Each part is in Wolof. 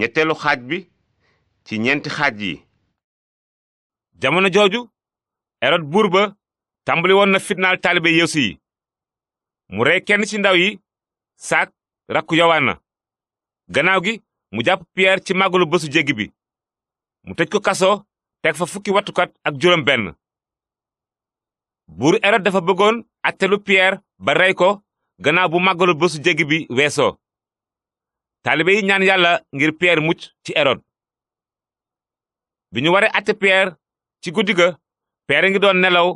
ñetteelu xaaj bi ci ñeenti xaaj yi jamono jooju erod buur ba tàmbali woon na fitnaal taalibe yeesu yi mu rey kenn ci ndaw yi saak rakku yowaana gannaaw gi mu jàpp piyeer ci màggalu bésu jéggi bi mu tëj ko kaso teg fa fukki wattukat ak juróom benn buur erod dafa bëggoon attelu piyeer ba rey ko gannaaw bu màggalu bésu jéggi bi weesoo taalibe yi ñaan yàlla ngir Pierre mucc ci Hérode bi ñu waree àtte Pierre ci guddi ga Pierre ngi doon nelaw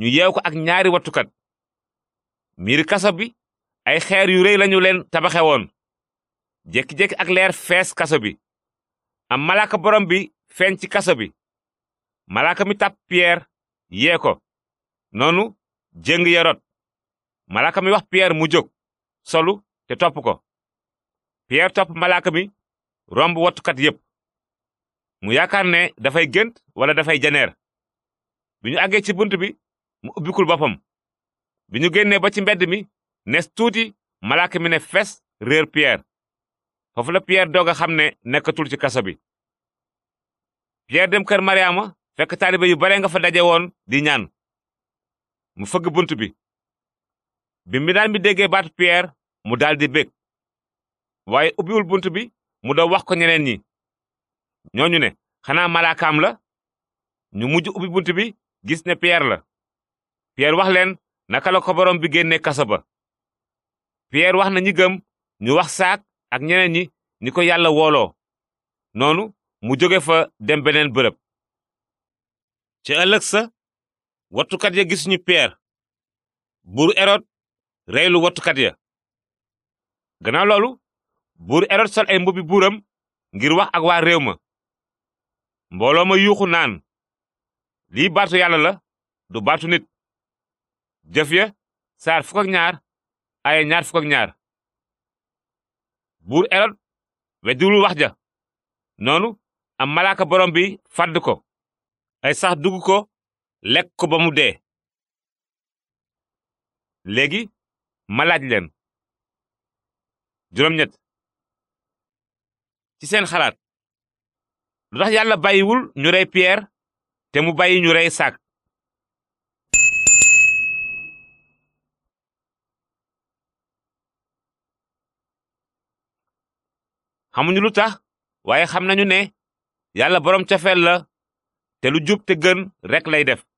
ñu yeew ko ak ñaari watukat miir kaso bi ay xeer yu rëy lañu leen tabaxe woon jékki ak leer fees kaso bi am malaaka borom bi feeñ ci kaso bi malaaka mi tàpp Pierre yee ko noonu jéng Hérode malaaka mi wax Pierre mu jóg solu te topp ko Pierre topp malaaka mi romb wattukat yépp mu yaakaar ne dafay gént wala dafay janeer bi ñu àggee ci bunt bi mu ubbikul boppam bi ñu génnee ba ci mbedd mi nees tuuti malaaka mi ne fes réer Pierre foofu la Pierre doog a xam ne nekkatul ci kaso bi Pierre dem kër Mariama fekk taalibe yu bare nga fa daje woon di ñaan mu fëgg bunt bi bi mbindaan bi déggee baatu Pierre mu daal di bég waaye ubbiwul bunt bi mu daw wax ko ñeneen ñi ñooñu ne xanaa malaakaam la ñu mujj ubbi bunt bi gis ne Pierre la Pierre wax leen naka la ko borom bi génne kasa ba Pierre wax na ñi gëm ñu wax saak ak ñeneen ñi ni ko yàlla wooloo noonu mu jóge fa dem beneen bërëb ci ëllëg sa wattukat ya gisuñu Pierre buur Hérode reylu wattukat ya gannaaw loolu buur erod sol ay mbubbi buuram ngir wax ak waa réew ma mbooloo ma yuuxu naan lii baatu yàlla la du baatu nit jëf ya saar fukk ñaar ay ñaar fukk ak ñaar buur erod weddiwul wax ja noonu am malaaka borom bi fàdd ko ay sax dugg ko lekk ko ba mu dee léegi malaaj laaj leen ci seen xalaat lu tax yàlla bàyyiwul ñu te mu bàyyi ñu rey Saak xamuñu lu tax waaye xam nañu ne yàlla boroom cafeel la te lu jub te gën rek lay def